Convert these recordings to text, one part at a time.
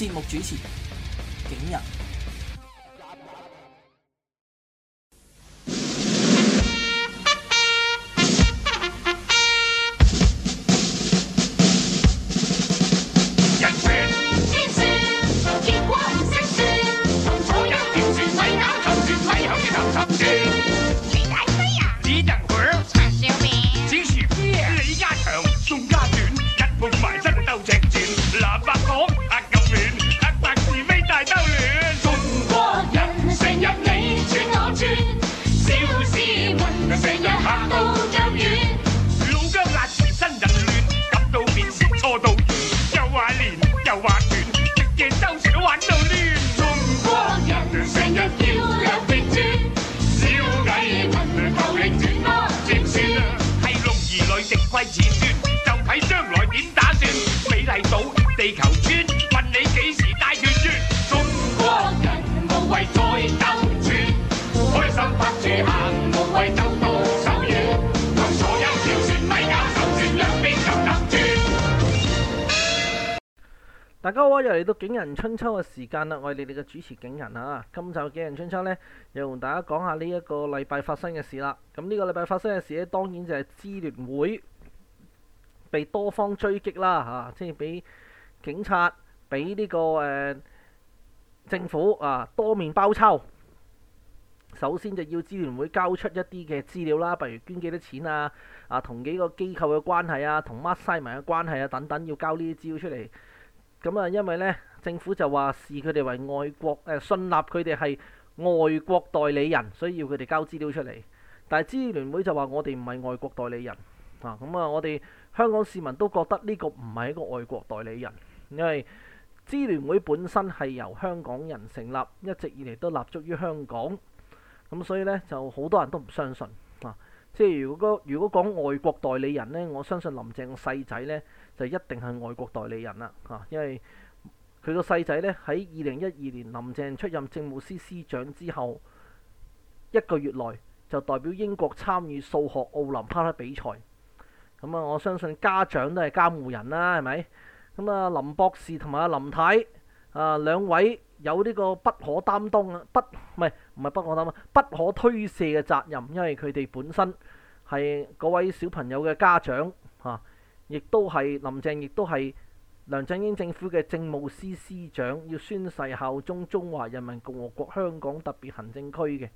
節目主持，景仁。你幾時大團圓？中國人無謂再糾纏，開心拍住行，無謂就動手。讓所有跳船、米餃、手船兩邊咁難轉。大家好，又嚟到景仁春秋嘅時間啦，我係你哋嘅主持景仁啊。今集景仁春秋咧，又同大家講下呢一個禮拜發生嘅事啦。咁呢個禮拜發生嘅事咧，當然就係支聯會被多方追擊啦，吓，即係俾警察。俾呢、這個誒、呃、政府啊，多面包抄。首先就要支聯會交出一啲嘅資料啦，譬如捐幾多錢啊，啊同幾個機構嘅關係啊，同乜西民嘅關係啊等等，要交呢啲資料出嚟。咁啊，因為呢政府就話視佢哋為外國誒、啊、信納佢哋係外國代理人，所以要佢哋交資料出嚟。但係支聯會就話我哋唔係外國代理人啊，咁啊，我哋香港市民都覺得呢個唔係一個外國代理人，因為，支聯會本身係由香港人成立，一直以嚟都立足於香港，咁所以呢，就好多人都唔相信啊。即係如果講如果講外國代理人呢，我相信林鄭個細仔呢，就一定係外國代理人啦，嚇、啊，因為佢個細仔呢，喺二零一二年林鄭出任政務司司長之後一個月內就代表英國參與數學奧林匹克比賽，咁啊我相信家長都係監護人啦，係咪？咁啊，林博士同埋阿林太啊，兩位有呢個不可擔當啊，不，係唔係不可擔啊，不可推卸嘅責任，因為佢哋本身係嗰位小朋友嘅家長啊，亦都係林鄭，亦都係梁振英政府嘅政務司司長，要宣誓效忠中，中華人民共和國香港特別行政區嘅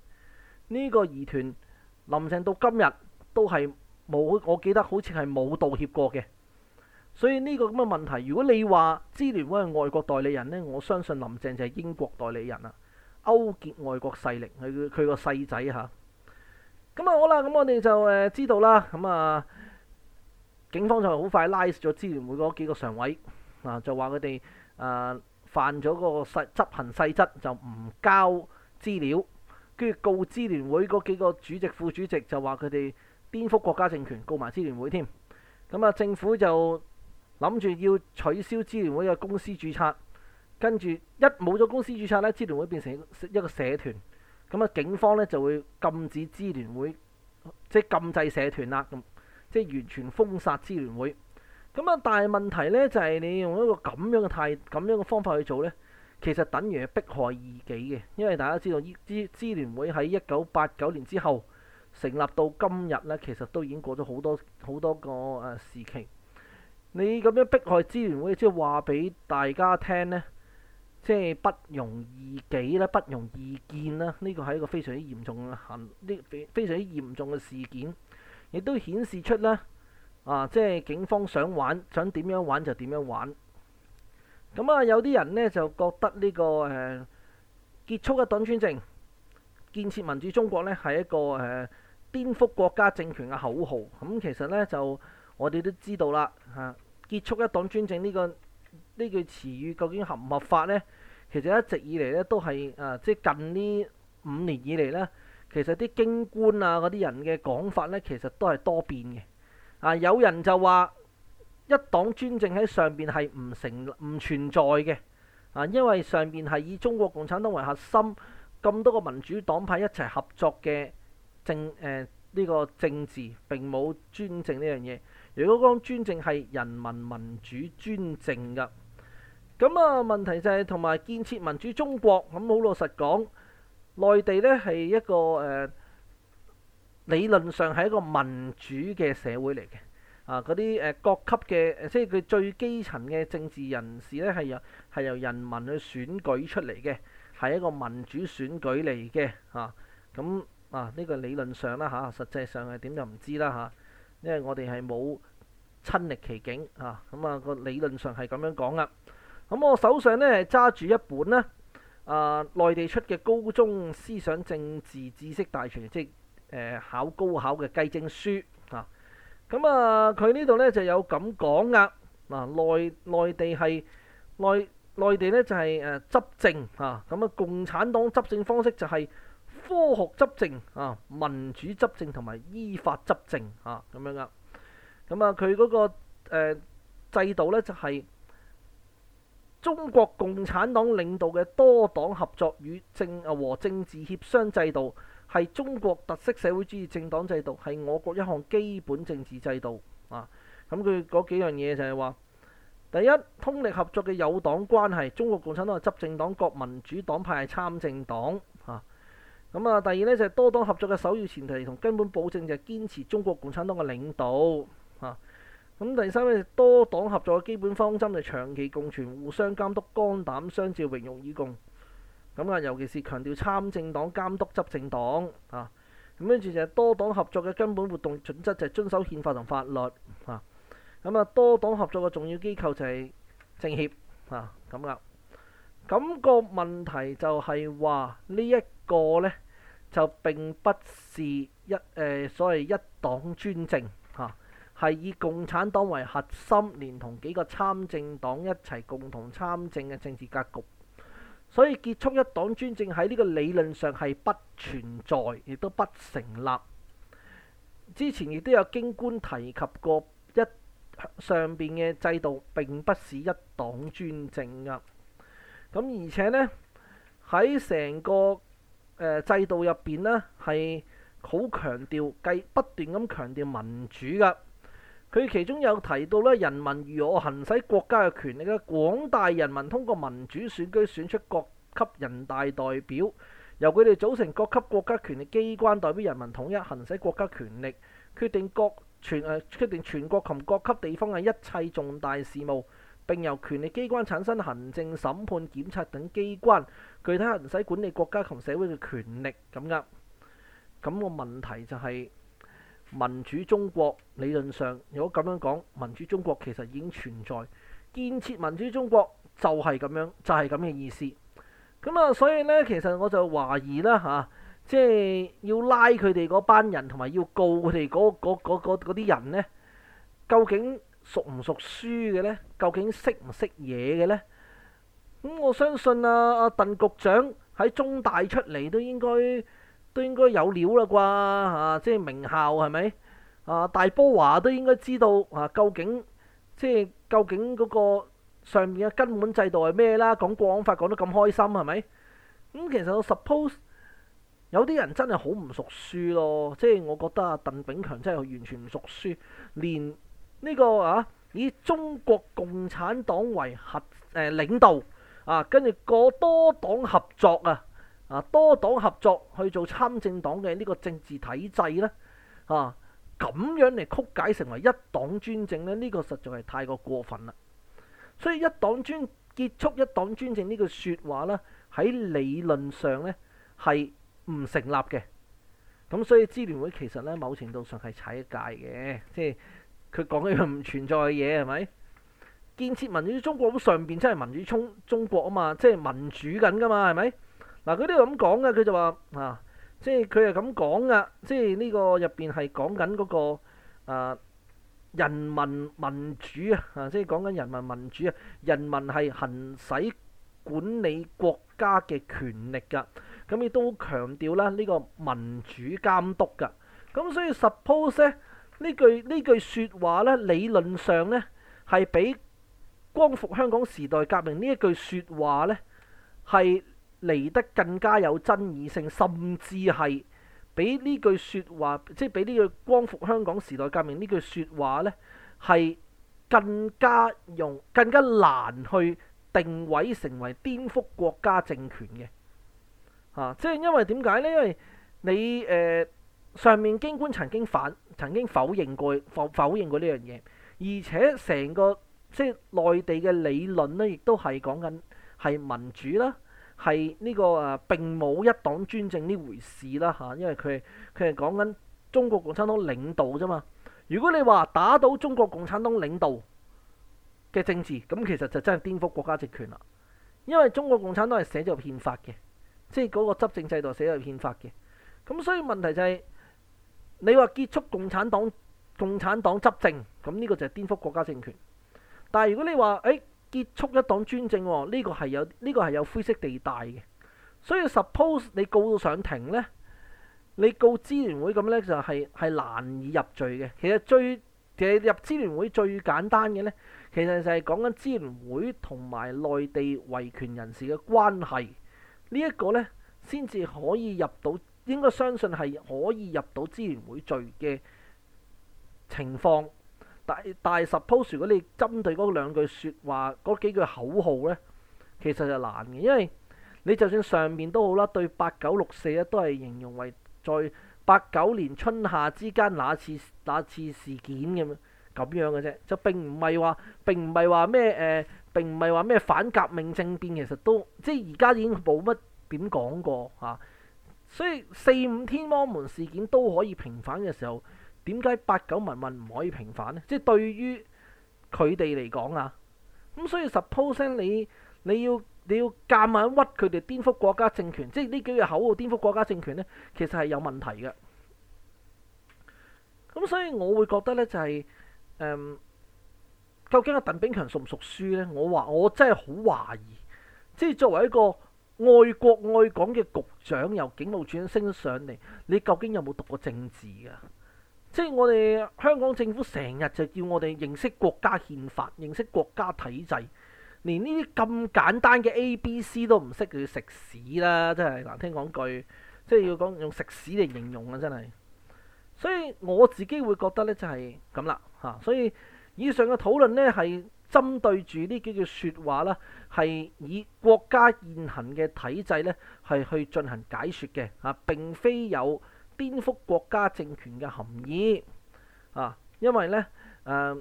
呢、這個疑團，林鄭到今日都係冇，我記得好似係冇道歉過嘅。所以呢個咁嘅問題，如果你話支聯會係外國代理人呢，我相信林鄭就係英國代理人啦，勾結外國勢力，佢佢個細仔吓。咁啊、嗯、好啦，咁、嗯、我哋就誒、呃、知道啦。咁、嗯、啊，警方就好快拉咗支聯會嗰幾個常委啊，就話佢哋誒犯咗個細執行細則，就唔交資料，跟住告支聯會嗰幾個主席副主席就話佢哋顛覆國家政權，告埋支聯會添。咁、嗯、啊，政府就。諗住要取消支聯會嘅公司注冊，跟住一冇咗公司注冊咧，支聯會變成一個社團，咁啊警方咧就會禁止支聯會，即係禁制社團啦，咁即係完全封殺支聯會。咁啊，但係問題咧就係、是、你用一個咁樣嘅態、咁樣嘅方法去做咧，其實等於係迫害異己嘅，因為大家知道支支聯會喺一九八九年之後成立到今日咧，其實都已經過咗好多好多個誒時期。你咁樣迫害支聯會，即係話俾大家聽呢，即係不容易幾啦，不容易見啦。呢個係一個非常之嚴重嘅行，呢非常之嚴重嘅事件，亦都顯示出呢，啊，即係警方想玩，想點樣玩就點樣玩。咁啊，有啲人呢就覺得呢、這個誒、呃、結束嘅黨專政，建設民主中國呢，係一個誒、呃、顛覆國家政權嘅口號。咁、嗯、其實呢，就我哋都知道啦嚇。啊結束一黨專政呢、呢個呢句詞語究竟合唔合法呢？其實一直以嚟呢都係誒、啊，即係近呢五年以嚟呢，其實啲京官啊嗰啲人嘅講法呢，其實都係多變嘅。啊，有人就話一黨專政喺上邊係唔成唔存在嘅，啊，因為上邊係以中國共產黨為核心，咁多個民主黨派一齊合作嘅政誒呢個政治並冇專政呢樣嘢。如果講專政係人民民主專政㗎，咁啊問題就係同埋建設民主中國。咁好老實講，內地呢係一個誒、呃、理論上係一個民主嘅社會嚟嘅。啊，嗰啲誒各級嘅即係佢最基層嘅政治人士呢，係由係由人民去選舉出嚟嘅，係一個民主選舉嚟嘅。啊，咁啊呢、這個理論上啦嚇、啊，實際上係點就唔知啦嚇。啊因為我哋係冇親歷其境啊，咁啊個理論上係咁樣講啦。咁、啊、我手上呢揸住一本呢，啊內地出嘅高中思想政治知識大全，即係、啊、考高考嘅計證書啊。咁啊佢呢度呢就有咁講噶，嗱內內地係內內地呢就係誒執政啊，咁啊共產黨執政方式就係、是。科學執政啊，民主執政同埋依法執政啊，咁樣㗎。咁啊，佢嗰、嗰個、呃、制度呢，就係、是、中國共產黨領導嘅多黨合作與政和政治協商制度，係中國特色社會主義政黨制度，係我國一項基本政治制度啊。咁佢嗰幾樣嘢就係話：第一，通力合作嘅有黨關係，中國共產黨係執政黨，各民主黨派係參政黨。咁啊，第二呢，就係多黨合作嘅首要前提同根本保證就係堅持中國共產黨嘅領導嚇。咁、啊、第三咧，多黨合作嘅基本方針就長期共存、互相監督、肝膽相照、榮辱與共。咁啊，尤其是強調參政黨監督執政黨嚇。咁跟住就係多黨合作嘅根本活動準則就係遵守憲法同法律嚇。咁啊，多黨合作嘅重要機構就係政協嚇，咁啦。咁、啊、那個問題就係話呢一個咧。就並不是一誒、呃、所謂一黨專政嚇，係、啊、以共產黨為核心，連同幾個參政黨一齊共同參政嘅政治格局。所以結束一黨專政喺呢個理論上係不存在，亦都不成立。之前亦都有京官提及過一，一上邊嘅制度並不是一黨專政啊。咁而且呢，喺成個制度入邊呢，係好強調繼不斷咁強調民主㗎，佢其中有提到咧，人民如何行使國家嘅權力嘅，廣大人民通過民主選舉選出各級人大代表，由佢哋組成各級國家權力機關代表人民統一行使國家權力，決定各全誒決定全國及各級地方嘅一切重大事務。並由權力機關產生行政、審判、檢察等機關，具體行使管理國家同社會嘅權力咁噶。咁個問題就係、是、民主中國理論上，如果咁樣講，民主中國其實已經存在，建設民主中國就係咁樣，就係咁嘅意思。咁啊，所以呢，其實我就懷疑啦嚇，即、啊、係、就是、要拉佢哋嗰班人，同埋要告佢哋嗰啲人呢，究竟？熟唔熟書嘅呢？究竟識唔識嘢嘅呢？咁、嗯、我相信啊，啊鄧局長喺中大出嚟都應該都應該有料啦啩嚇，即係名校係咪？啊，大波華都應該知道啊，究竟即係、啊、究竟嗰、啊啊、個上面嘅根本制度係咩啦？講國安法講得咁開心係咪？咁、嗯、其實我 suppose 有啲人真係好唔熟書咯，即係我覺得啊，鄧炳強真係完全唔熟書，連～呢個啊，以中國共產黨為核誒、呃、領導啊，跟住過多黨合作啊，啊多黨合作去做參政黨嘅呢個政治體制呢啊，咁樣嚟曲解成為一黨專政呢，呢、這個實在係太過過分啦。所以一黨專結束一黨專政呢句說話呢，喺理論上呢係唔成立嘅。咁所以支聯會其實呢，某程度上係踩一界嘅，即係。佢講緊個唔存在嘅嘢係咪？建設民主中國咁上邊真係民主中中國啊嘛，即係民主緊噶嘛係咪？嗱，佢、啊、都咁講噶，佢就話啊，即係佢係咁講噶，即係呢個入邊係講緊嗰個、啊、人民民主啊，即係講緊人民民主啊，人民係行使管理國家嘅權力噶，咁亦都強調啦呢、呢個民主監督噶，咁所以 suppose 咧。呢句呢句説話呢，理論上呢，係比光復香港時代革命呢一句説話呢，係嚟得更加有爭議性，甚至係比呢句説話，即係比呢句光復香港時代革命呢句説話呢，係更加用更加難去定位成為顛覆國家政權嘅，啊！即係因為點解呢？因為你誒。呃上面京官曾經反，曾經否認過否否認過呢樣嘢，而且成個即係內地嘅理論咧，亦都係講緊係民主啦，係呢、這個誒、啊、並冇一黨專政呢回事啦嚇、啊，因為佢佢係講緊中國共產黨領導啫嘛。如果你話打倒中國共產黨領導嘅政治，咁其實就真係顛覆國家政權力啦，因為中國共產黨係寫咗憲法嘅，即係嗰個執政制度寫咗憲法嘅。咁所以問題就係、是。你話結束共產黨，共產黨執政，咁呢個就係顛覆國家政權。但係如果你話，誒結束一黨專政喎，呢個係有呢個係有灰色地帶嘅。所以 suppose 你告到上庭呢，你告支聯會咁呢，就係係難以入罪嘅。其實最其實入支聯會最簡單嘅呢，其實就係講緊支聯會同埋內地維權人士嘅關係呢一個呢，先至可以入到。應該相信係可以入到支聯會聚嘅情況，但但係十鋪住。如果你針對嗰兩句説話嗰幾句口號呢，其實就難嘅，因為你就算上面都好啦，對八九六四咧都係形容為在八九年春夏之間那次那次事件咁樣咁樣嘅啫，就並唔係話並唔係話咩誒，並唔係話咩反革命政變，其實都即係而家已經冇乜點講過嚇。啊所以四五天魔門事件都可以平反嘅時候，點解八九民運唔可以平反呢？即係對於佢哋嚟講啊，咁所以 suppose 你你要你要夾硬屈佢哋顛覆國家政權，即係呢幾句口號顛覆國家政權呢？其實係有問題嘅。咁所以我會覺得呢，就係、是，誒、嗯，究竟阿鄧炳強熟唔熟書呢？我話我真係好懷疑，即係作為一個。愛國愛港嘅局長由警務處升上嚟，你究竟有冇讀過政治㗎？即係我哋香港政府成日就叫我哋認識國家憲法、認識國家體制，連呢啲咁簡單嘅 A、B、C 都唔識，佢食屎啦！真係難聽講句，即係要講用食屎嚟形容啊！真係，所以我自己會覺得呢就係咁啦吓。所以以上嘅討論呢係。針對住呢幾句説話，呢係以國家現行嘅體制，呢係去進行解説嘅啊，並非有顛覆國家政權嘅含義啊。因為呢，誒、呃，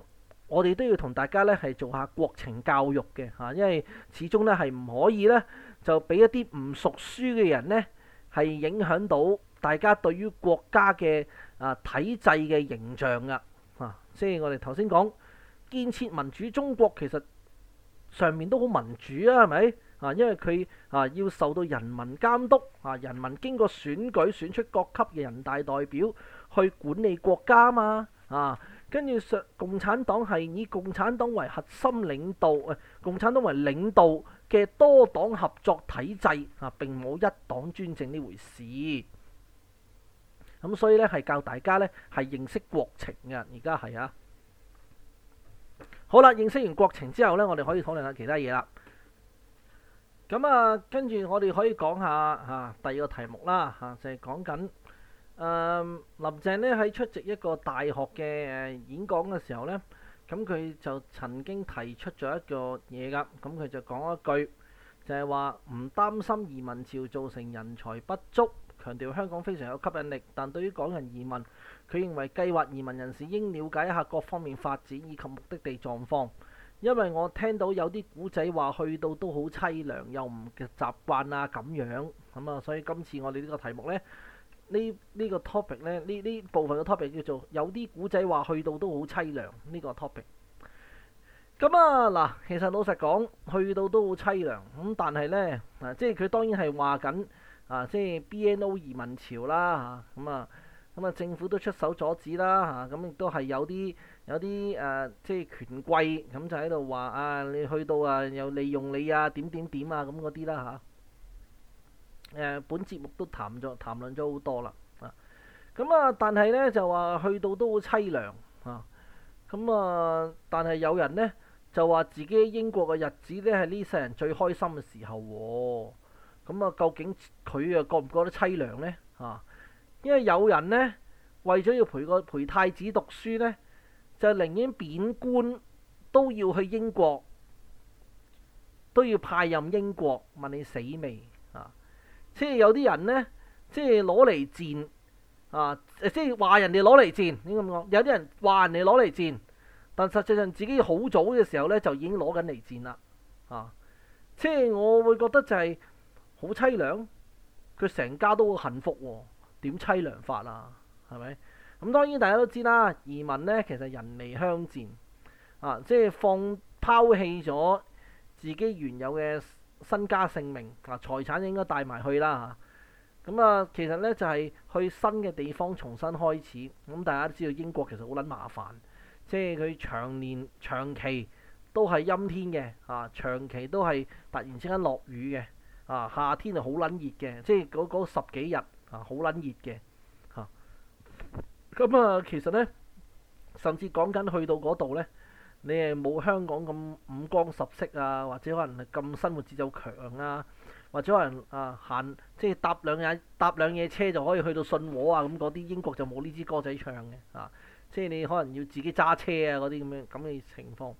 我哋都要同大家呢係做下國情教育嘅啊，因為始終呢係唔可以呢，就俾一啲唔熟書嘅人呢，係影響到大家對於國家嘅啊體制嘅形象噶啊，即係我哋頭先講。建設民主中國其實上面都好民主啊，係咪啊？因為佢啊要受到人民監督啊，人民經過選舉選出各級嘅人大代表去管理國家嘛啊。跟住共共產黨係以共產黨為核心領導，啊、共產黨為領導嘅多黨合作體制啊，並冇一黨專政呢回事。咁所以呢，係教大家呢，係認識國情嘅，而家係啊。好啦，認識完國情之後呢，我哋可以討論下其他嘢啦。咁、嗯、啊，跟住我哋可以講下嚇、啊、第二個題目啦，嚇、啊、就係、是、講緊、嗯，林鄭呢喺出席一個大學嘅演講嘅時候呢，咁、嗯、佢就曾經提出咗一個嘢噶，咁、嗯、佢就講一句，就係話唔擔心移民潮造成人才不足。強調香港非常有吸引力，但對於港人移民，佢認為計劃移民人士應了解一下各方面發展以及目的地狀況。因為我聽到有啲故仔話去到都好凄涼，又唔嘅習慣啊咁樣。咁啊，所以今次我哋呢個題目呢，這個、呢呢個 topic 呢，呢呢部分嘅 topic 叫做有啲故仔話去到都好凄涼，呢、這個 topic。咁啊嗱，其實老實講，去到都好凄涼。咁但係呢，即係佢當然係話緊。啊，即係 BNO 移民潮啦，咁啊，咁啊，啊，政府都出手阻止啦，咁、啊、亦都係有啲有啲誒、呃，即係權貴咁、啊、就喺度話啊，你去到啊又利用你啊點點點啊咁嗰啲啦嚇，誒、啊、本節目都談咗談論咗好多啦，啊，咁啊，但係咧就話去到都好凄涼啊，咁啊，但係有人咧就話自己英國嘅日子咧係呢世人最開心嘅時候喎、哦。咁啊、嗯，究竟佢又覺唔覺得凄涼咧？啊，因為有人咧，為咗要陪個陪太子讀書咧，就寧願貶官都要去英國，都要派任英國問你死未啊？即係有啲人咧，即係攞嚟賤啊！即係話人哋攞嚟賤呢咁講，有啲人話人哋攞嚟賤，但實際上自己好早嘅時候咧就已經攞緊嚟賤啦啊！即係我會覺得就係、是。好凄涼，佢成家都會幸福喎。哦，點淒涼法啊？係咪咁？當然大家都知啦，移民呢其實人離鄉賤啊，即係放拋棄咗自己原有嘅身家性命啊，財產應該帶埋去啦。咁啊，其實呢就係、是、去新嘅地方重新開始。咁、啊、大家都知道英國其實好撚麻煩，即係佢長年長期都係陰天嘅啊，長期都係突然之間落雨嘅。啊！夏天就好撚熱嘅，即係嗰十幾日啊，好撚熱嘅嚇。咁啊，啊，其實呢，甚至講緊去到嗰度呢，你係冇香港咁五光十色啊，或者可能係咁生活節奏強啊，或者可能啊行即係搭兩嘢搭兩嘢車就可以去到信和啊。咁嗰啲英國就冇呢支歌仔唱嘅啊，即係你可能要自己揸車啊嗰啲咁樣咁嘅情況，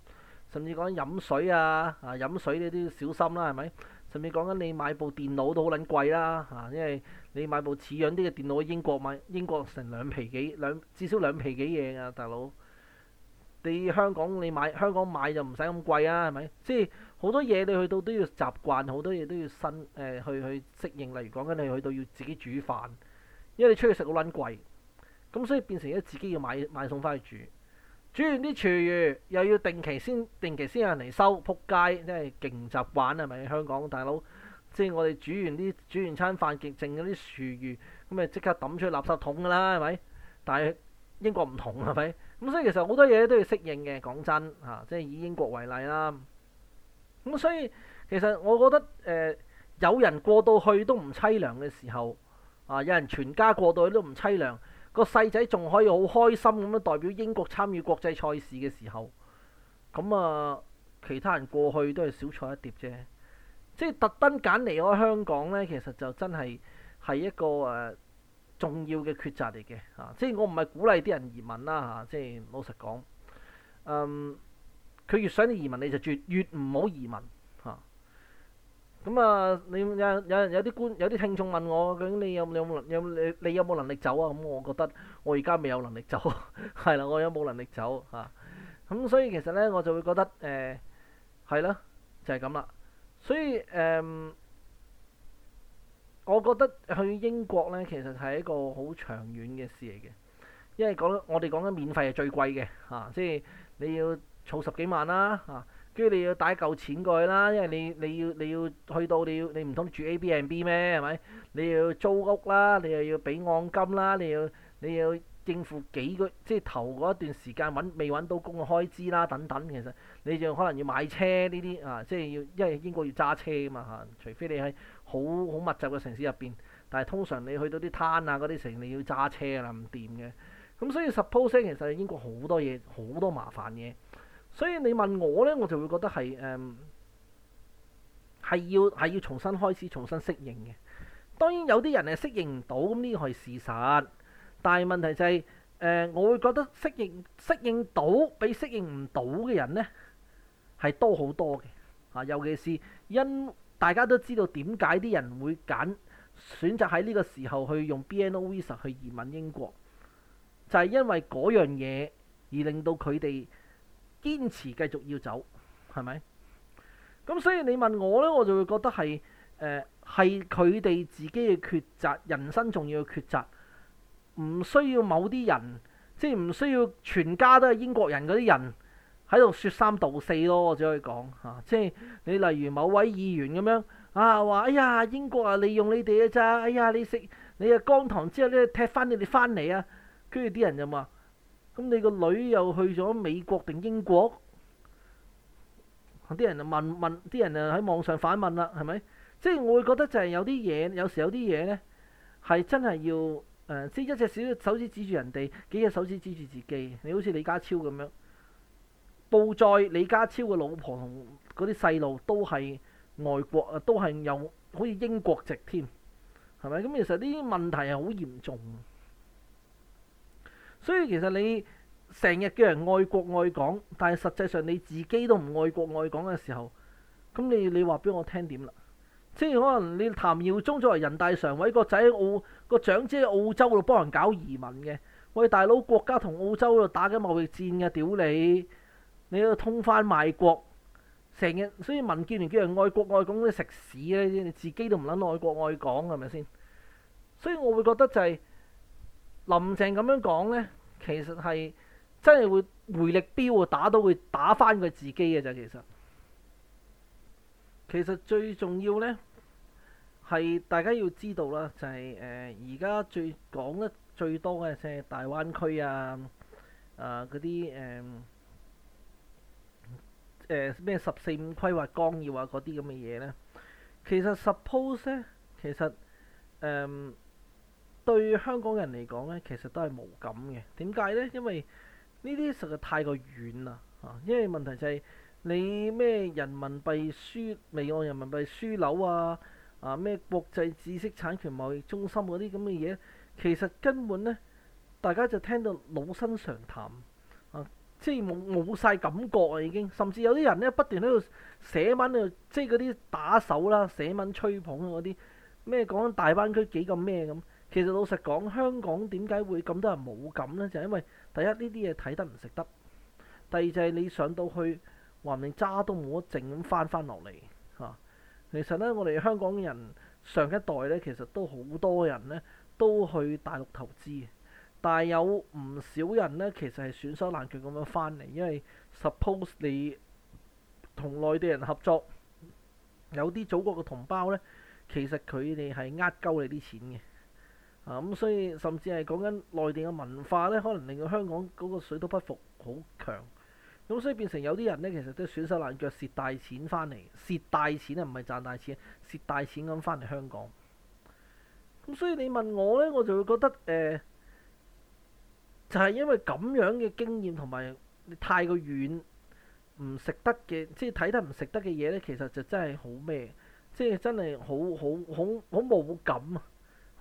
甚至講飲水啊啊飲水呢啲要小心啦，啊，係咪？甚至講緊你買部電腦都好撚貴啦嚇、啊，因為你買部似樣啲嘅電腦喺英國買，英國成兩皮幾兩至少兩皮幾嘢噶，大佬。你香港你買香港買就唔使咁貴啊，係咪？即係好多嘢你去到都要習慣，好多嘢都要新誒、呃、去去適應。例如講緊你去到要自己煮飯，因為你出去食好撚貴，咁所以變成咗自己要買買餸返去煮。煮完啲廚餘又要定期先，定期先有人嚟收，撲街即係勁習慣啊！係咪香港大佬，即係我哋煮完啲煮完餐飯，極淨嗰啲廚餘，咁咪即刻抌出去垃圾桶㗎啦，係咪？但係英國唔同係咪？咁所以其實好多嘢都要適應嘅，講真啊，即係以英國為例啦。咁所以其實我覺得誒，有人過到去都唔淒涼嘅時候，啊，有人全家過到去都唔淒涼。個細仔仲可以好開心咁樣代表英國參與國際賽事嘅時候，咁啊其他人過去都係小菜一碟啫。即係特登揀離開香港呢，其實就真係係一個誒、呃、重要嘅抉擇嚟嘅啊！即係我唔係鼓勵啲人移民啦嚇、啊，即係老實講，佢、嗯、越想你移民你就絕越越唔好移民。咁啊、嗯，你有有人有啲觀有啲聽眾問我，究竟你有有冇有你你有冇能力走啊？咁、嗯、我覺得我而家未有能力走，係 啦，我有冇能力走啊？咁、嗯、所以其實咧，我就會覺得誒係啦，就係咁啦。所以誒、呃，我覺得去英國咧，其實係一個好長遠嘅事嚟嘅，因為講我哋講緊免費係最貴嘅嚇，即、啊、係你要儲十幾萬啦、啊、嚇。啊。跟住你要帶嚿錢過去啦，因為你你要你要去到你要你唔通住 A B and B 咩？係咪？你要租屋啦，你又要俾按金啦，你要你要應付幾個即係頭嗰段時間揾未揾到工嘅開支啦等等。其實你仲可能要買車呢啲啊，即係要因為英國要揸車嘛啊嘛嚇，除非你喺好好密集嘅城市入邊。但係通常你去到啲攤啊嗰啲城，你要揸車啦唔掂嘅。咁所以十 percent 其實英國好多嘢好多麻煩嘅。所以你問我呢，我就會覺得係誒係要係要重新開始，重新適應嘅。當然有啲人係適應唔到，咁呢個係事實。但係問題就係誒、呃，我會覺得適應適應到比適應唔到嘅人呢，係多好多嘅啊。尤其是因大家都知道點解啲人會揀選擇喺呢個時候去用 BNO Visa 去移民英國，就係因為嗰樣嘢而令到佢哋。堅持繼續要走，係咪？咁所以你問我咧，我就會覺得係誒係佢哋自己嘅抉擇，人生重要嘅抉擇，唔需要某啲人，即係唔需要全家都係英國人嗰啲人喺度説三道四咯。我只可以講嚇，啊，即係你例如某位議員咁樣啊，話哎呀，英國啊利用你哋啊咋？哎呀，你食你啊江糖之後咧，踢翻你哋翻嚟啊，跟住啲人就話。咁你個女又去咗美國定英國？啲人就問問，啲人啊喺網上反問啦，係咪？即係我會覺得就係有啲嘢，有時有啲嘢咧係真係要誒，即、呃、係一隻小小手指指住人哋，幾隻手指指住自己。你好似李家超咁樣，報載李家超嘅老婆同嗰啲細路都係外國啊，都係有好似英國籍添，係咪？咁其實呢啲問題係好嚴重。所以其實你成日叫人愛國愛港，但係實際上你自己都唔愛國愛港嘅時候，咁你你話俾我聽點啦？即係可能你譚耀宗作為人大常委個仔澳，澳個長子喺澳洲度幫人搞移民嘅，為大佬國家同澳洲度打緊貿易戰嘅，屌你！你喺度通番賣國，成日所以民建聯叫人愛國愛港，你食屎，你自己都唔撚愛國愛港係咪先？所以我會覺得就係、是。林鄭咁樣講咧，其實係真係會回力標啊，打到會打返佢自己嘅咋，其實其實最重要咧，係大家要知道啦，就係誒而家最講得最多嘅就係大灣區啊，啊嗰啲誒誒咩十四五規劃綱要啊嗰啲咁嘅嘢咧。其實 suppose 咧，其實誒。呃對香港人嚟講咧，其實都係無感嘅。點解咧？因為呢啲實在太過遠啦。啊，因為問題就係你咩人民幣樞未按人民幣樞紐啊啊咩國際知識產權貿易中心嗰啲咁嘅嘢，其實根本咧，大家就聽到老生常談啊，即係冇冇曬感覺啊，已經甚至有啲人咧不斷喺度寫文，即係嗰啲打手啦，寫文吹捧啊嗰啲咩講緊大灣區幾咁咩咁。其實老實講，香港點解會咁多人冇感呢？就係、是、因為第一呢啲嘢睇得唔食得，第二就係你上到去話唔定渣都冇得剩咁翻翻落嚟嚇。其實呢，我哋香港人上一代呢，其實都好多人呢都去大陸投資，但係有唔少人呢，其實係損手爛腳咁樣翻嚟，因為 suppose 你同內地人合作，有啲祖國嘅同胞呢，其實佢哋係呃鳩你啲錢嘅。啊咁、嗯，所以甚至係講緊內地嘅文化咧，可能令到香港嗰個水土不服好強。咁、嗯、所以變成有啲人咧，其實都損手爛腳，蝕大錢翻嚟，蝕大錢啊，唔係賺大錢，蝕大錢咁翻嚟香港。咁、嗯、所以你問我咧，我就會覺得誒、呃，就係、是、因為咁樣嘅經驗同埋你太過遠，唔食得嘅，即係睇得唔食得嘅嘢咧，其實就真係好咩？即係真係好好好好無感啊！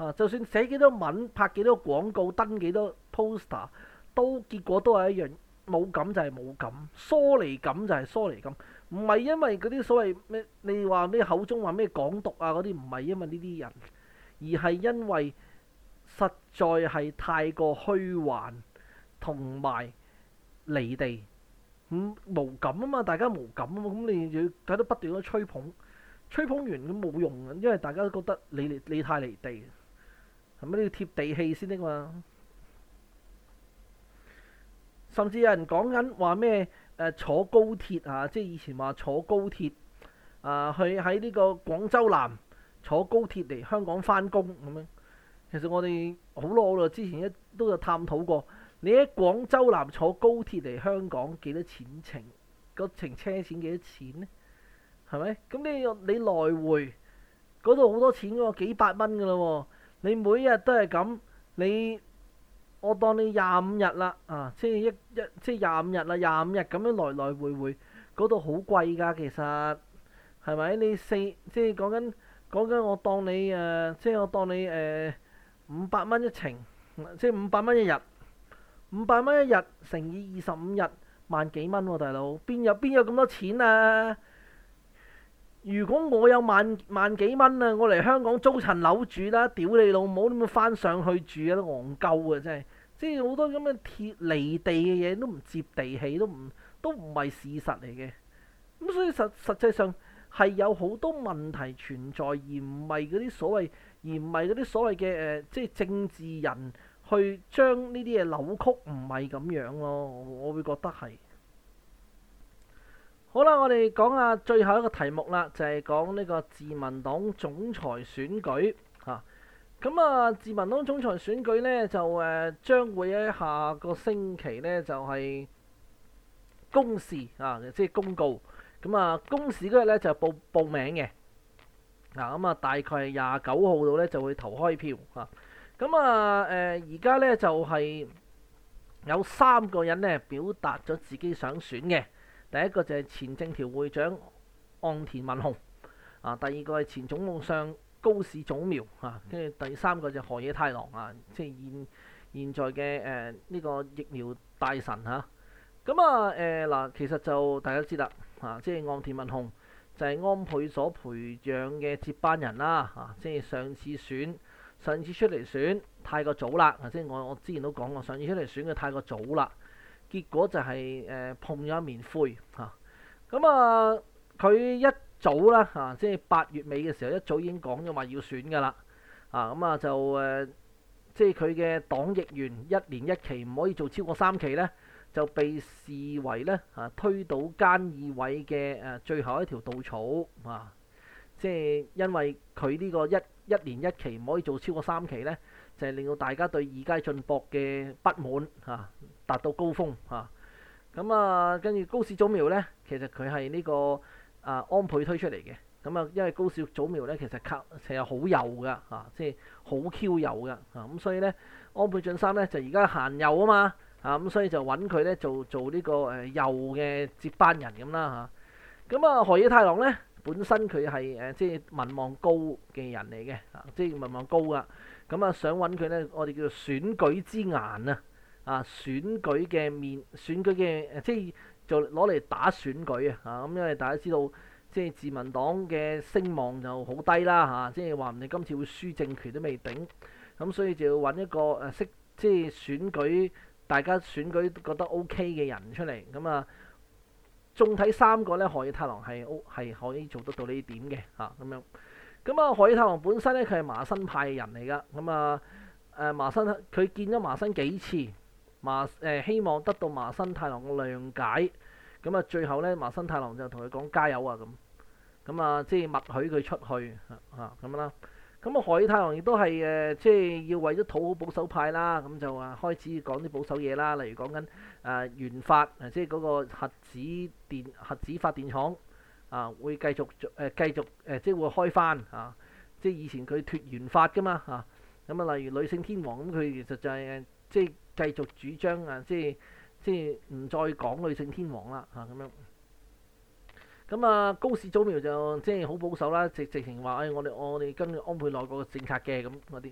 啊！就算寫幾多文、拍幾多廣告、登幾多 poster，都結果都係一樣，冇感就係冇感，疏離感就係疏離感。唔係因為嗰啲所謂咩，你話咩口中話咩港獨啊嗰啲，唔係因為呢啲人，而係因為實在係太過虛幻，同埋離地咁、嗯、無感啊嘛！大家無感啊嘛！咁你要喺度不斷咁吹捧，吹捧完都冇用嘅，因為大家都覺得你你，你太離地。咁你要貼地氣先得嘛？甚至有人講緊話咩？誒、呃、坐高鐵啊，即係以前話坐高鐵啊、呃，去喺呢個廣州南坐高鐵嚟香港翻工咁樣。其實我哋好耐好耐之前一都有探討過。你喺廣州南坐高鐵嚟香港幾多錢程？程車錢幾多錢咧？係咪？咁你你來回嗰度好多錢喎，幾百蚊噶啦喎！你每日都係咁，你我當你廿五日啦，啊，即係一一即係廿五日啦，廿五日咁樣來來回回，嗰度好貴㗎，其實係咪？你四即係講緊講緊我當你誒、呃，即係我當你誒五百蚊一程，即係五百蚊一日，五百蚊一日乘以二十五日，萬幾蚊喎，大佬，邊有邊有咁多錢啊？如果我有萬萬幾蚊啊，我嚟香港租層樓住啦，屌你老母，你咪翻上去住啊，都戇鳩啊，真係！即係好多咁嘅鐵離地嘅嘢都唔接地氣，都唔都唔係事實嚟嘅。咁所以實實際上係有好多問題存在，而唔係嗰啲所謂而唔係嗰啲所謂嘅誒，即係政治人去將呢啲嘢扭曲，唔係咁樣咯我。我會覺得係。好啦，我哋講下最後一個題目啦，就係講呢個自民黨總裁選舉吓。咁啊，自民黨總裁選舉咧就誒，將會喺下個星期咧就係公示啊，即係公告。咁啊，公示嗰日咧就報報名嘅。嗱，咁啊，大概係廿九號度咧就會投開票吓。咁啊，誒，而家咧就係有三個人咧表達咗自己想選嘅。第一個就係前政調會長岸田文雄啊，第二個係前總務相高市早苗啊，跟住第三個就河野太郎啊，即係現現在嘅誒呢個疫苗大臣。嚇、啊。咁啊誒嗱，其實就大家都知啦啊，即係岸田文雄就係安倍所培養嘅接班人啦啊，即係上次選上次出嚟選太過早啦，啊，即先我我之前都講過，上次出嚟選嘅太過早啦，結果就係誒碰咗一面灰嚇，咁啊佢一早啦，啊，即係八月尾嘅時候一早已經講咗話要選噶啦啊，咁啊就誒即係佢嘅黨役員一年一期唔可以做超過三期呢，就被視為呢啊推倒菅義偉嘅誒最後一條稻草啊，即係因為佢呢個一一年一期唔可以做超過三期呢，就係令到大家對二階進博嘅不滿嚇。啊達到高峰嚇，咁啊，跟住高市早苗咧，其實佢係呢個啊安倍推出嚟嘅，咁啊，因為高市早苗咧其實吸成日好幼噶嚇，即係好 Q 幼噶嚇，咁、啊、所以咧安倍晉三咧就而家行幼啊嘛嚇，咁所以就揾佢咧做做呢個誒幼嘅接班人咁啦嚇，咁啊河、啊、野太郎咧本身佢係誒即係民望高嘅人嚟嘅嚇，即係民望高噶，咁啊想揾佢咧，我哋叫做選舉之顏啊。啊！選舉嘅面，選舉嘅即係就攞嚟打選舉啊！啊咁，因為大家知道，即係自民黨嘅聲望就好低啦嚇、啊，即係話唔定今次會輸政權都未定。咁、啊、所以就要揾一個誒識、啊、即係選舉，大家選舉覺得 O K 嘅人出嚟咁啊。仲睇三個咧，河野太郎係 O 係可以做得到呢點嘅嚇咁樣。咁啊，河、啊、野太郎本身咧佢係麻生派嘅人嚟噶，咁啊誒麻生佢見咗麻生幾次。麻誒希望得到麻生太郎嘅諒解，咁啊最後咧，麻生太郎就同佢講加油啊咁，咁啊即係默許佢出去嚇嚇咁啦。咁啊海太郎亦都係誒，即係要為咗討好保守派啦，咁就話開始講啲保守嘢啦，例如講緊誒原發，即係嗰個核子電核子發電廠啊，會繼續續誒繼續誒，即係會開返啊，即係以前佢脫原發㗎嘛嚇。咁啊，例如女性天皇咁，佢其實就係、就係。即係繼續主張啊！即係即係唔再講「女性天皇」啦嚇咁樣。咁啊高市早苗就即係好保守啦，直直情話誒我哋我哋跟安倍內閣嘅政策嘅咁啲。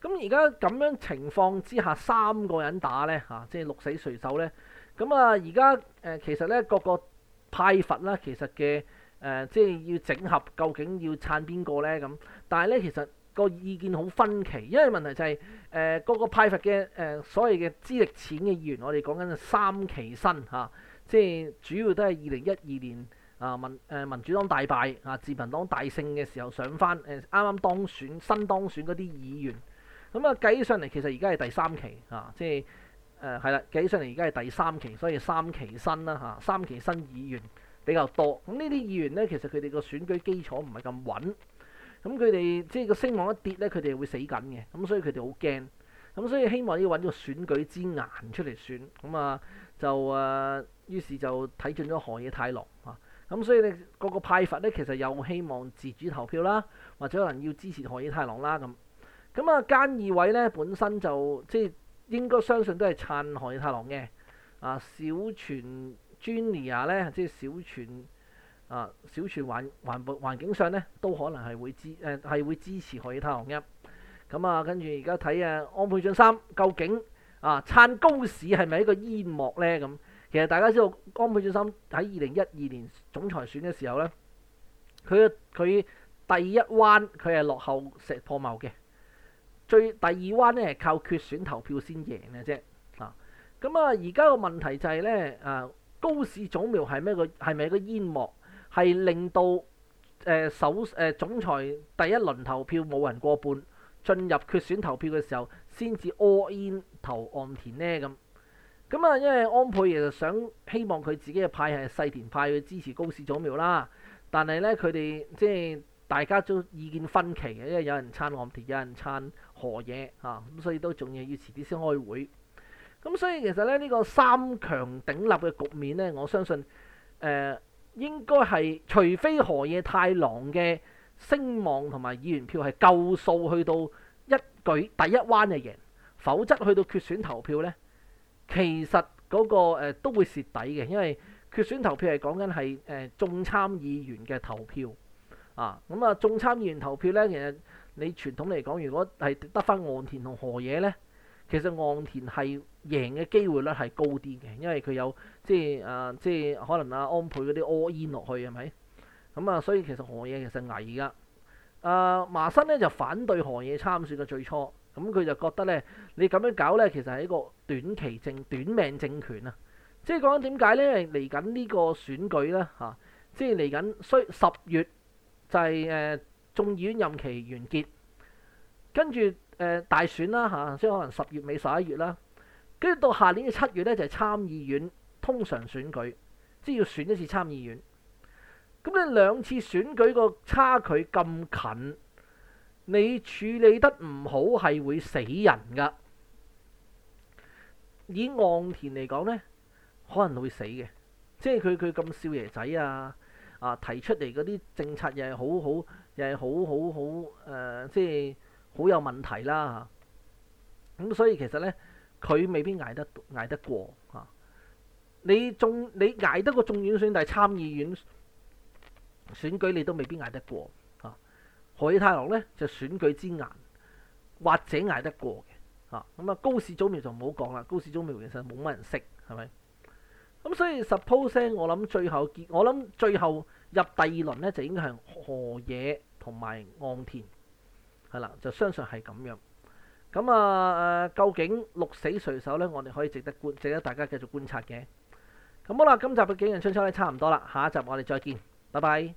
咁而家咁樣,樣情況之下，三個人打咧嚇、啊，即係鹿死誰手咧。咁啊而家誒其實咧各個派閥啦，其實嘅誒、呃、即係要整合，究竟要撐邊個咧咁？但係咧其實個意見好分歧，因為問題就係、是。誒嗰、呃、個派發嘅誒，所謂嘅資歷淺嘅議員，我哋講緊三期新嚇、啊，即係主要都係二零一二年啊民誒、啊、民主黨大敗啊，自民黨大勝嘅時候上翻誒啱啱當選新當選嗰啲議員，咁啊計上嚟，其實而家係第三期嚇，即係誒係啦，計上嚟而家係第三期、啊啊，所以三期新啦嚇、啊，三期新議員比較多，咁呢啲議員咧，其實佢哋個選舉基礎唔係咁穩。咁佢哋即係個聲望一跌咧，佢哋會死緊嘅，咁所以佢哋好驚，咁所以希望要揾個選舉之顏出嚟選，咁啊就啊、呃、於是就睇準咗河野太郎啊，咁所以你個個派閥咧，其實又希望自主投票啦，或者可能要支持河野太郎啦咁，咁啊菅義偉咧，本身就即係、就是、應該相信都係撐河野太郎嘅，啊小泉 Junior 啊咧即係小泉。啊！小泉環環保環境上咧，都可能係會支誒係會支持河野太郎一咁啊。跟住而家睇下安倍晉三究竟啊撐高市係咪一個煙幕咧？咁其實大家知道安倍晉三喺二零一二年總裁選嘅時候咧，佢佢第一彎佢係落後石破茂嘅，最第二彎咧靠決選投票先贏嘅啫啊！咁啊，而家個問題就係咧啊，高市總苗係咩個係咪個煙幕？係令到誒、呃、首誒、呃、總裁第一輪投票冇人過半，進入決選投票嘅時候，先至 all in 投岸田呢咁。咁啊，因為安倍其實想希望佢自己嘅派係細田派去支持高市早苗啦，但係咧佢哋即係大家都意見分歧嘅，因為有人撐岸田，有人撐河野啊，咁所以都仲要要遲啲先開會。咁、啊、所以其實咧呢、呢個三強鼎立嘅局面咧，我相信誒。呃應該係，除非河野太郎嘅聲望同埋議員票係夠數去到一舉第一彎就贏，否則去到決選投票呢，其實嗰、那個、呃、都會蝕底嘅，因為決選投票係講緊係誒眾參議員嘅投票啊。咁、嗯、啊，眾參議員投票呢，其實你傳統嚟講，如果係得返岸田同河野呢，其實岸田係。贏嘅機會率係高啲嘅，因為佢有即係誒，即係、呃、可能阿安倍嗰啲 all in 落去係咪咁啊？所以其實河野其實危㗎誒、呃。麻生咧就反對河野參選嘅最初咁，佢、嗯、就覺得咧你咁樣搞咧，其實係一個短期政短命政權啊。即係講緊點解咧？嚟緊呢個選舉啦嚇，即係嚟緊需十月就係、是、誒、呃、眾議院任期完結，跟住誒大選啦嚇、啊，即係可能十月尾十一月啦。跟住到下年嘅七月呢，就係、是、參議院通常選舉，即係要選一次參議院。咁你兩次選舉個差距咁近，你處理得唔好係會死人噶。以岸田嚟講呢，可能會死嘅，即係佢佢咁少爺仔啊啊，提出嚟嗰啲政策又係好好，又係好好好誒、呃，即係好有問題啦。咁所以其實呢。佢未必捱得捱得過，嚇、啊，你中你捱得過眾院選，但係參議院選舉你都未必捱得過。嚇、啊。河野太郎咧就是、選舉之難，或者捱得過。嘅、啊、嚇。咁、嗯、啊高市早苗就唔好講啦，高市早苗其實冇乜人識，係咪？咁所以十 percent 我諗最後結，我諗最後入第二輪咧就已經係河野同埋岸田係啦，就相信係咁樣。咁啊誒，究竟鹿死誰手咧，我哋可以值得觀，值得大家繼續觀察嘅。咁、嗯、好啦，今集嘅《景仁春秋》咧，差唔多啦，下一集我哋再見，拜拜。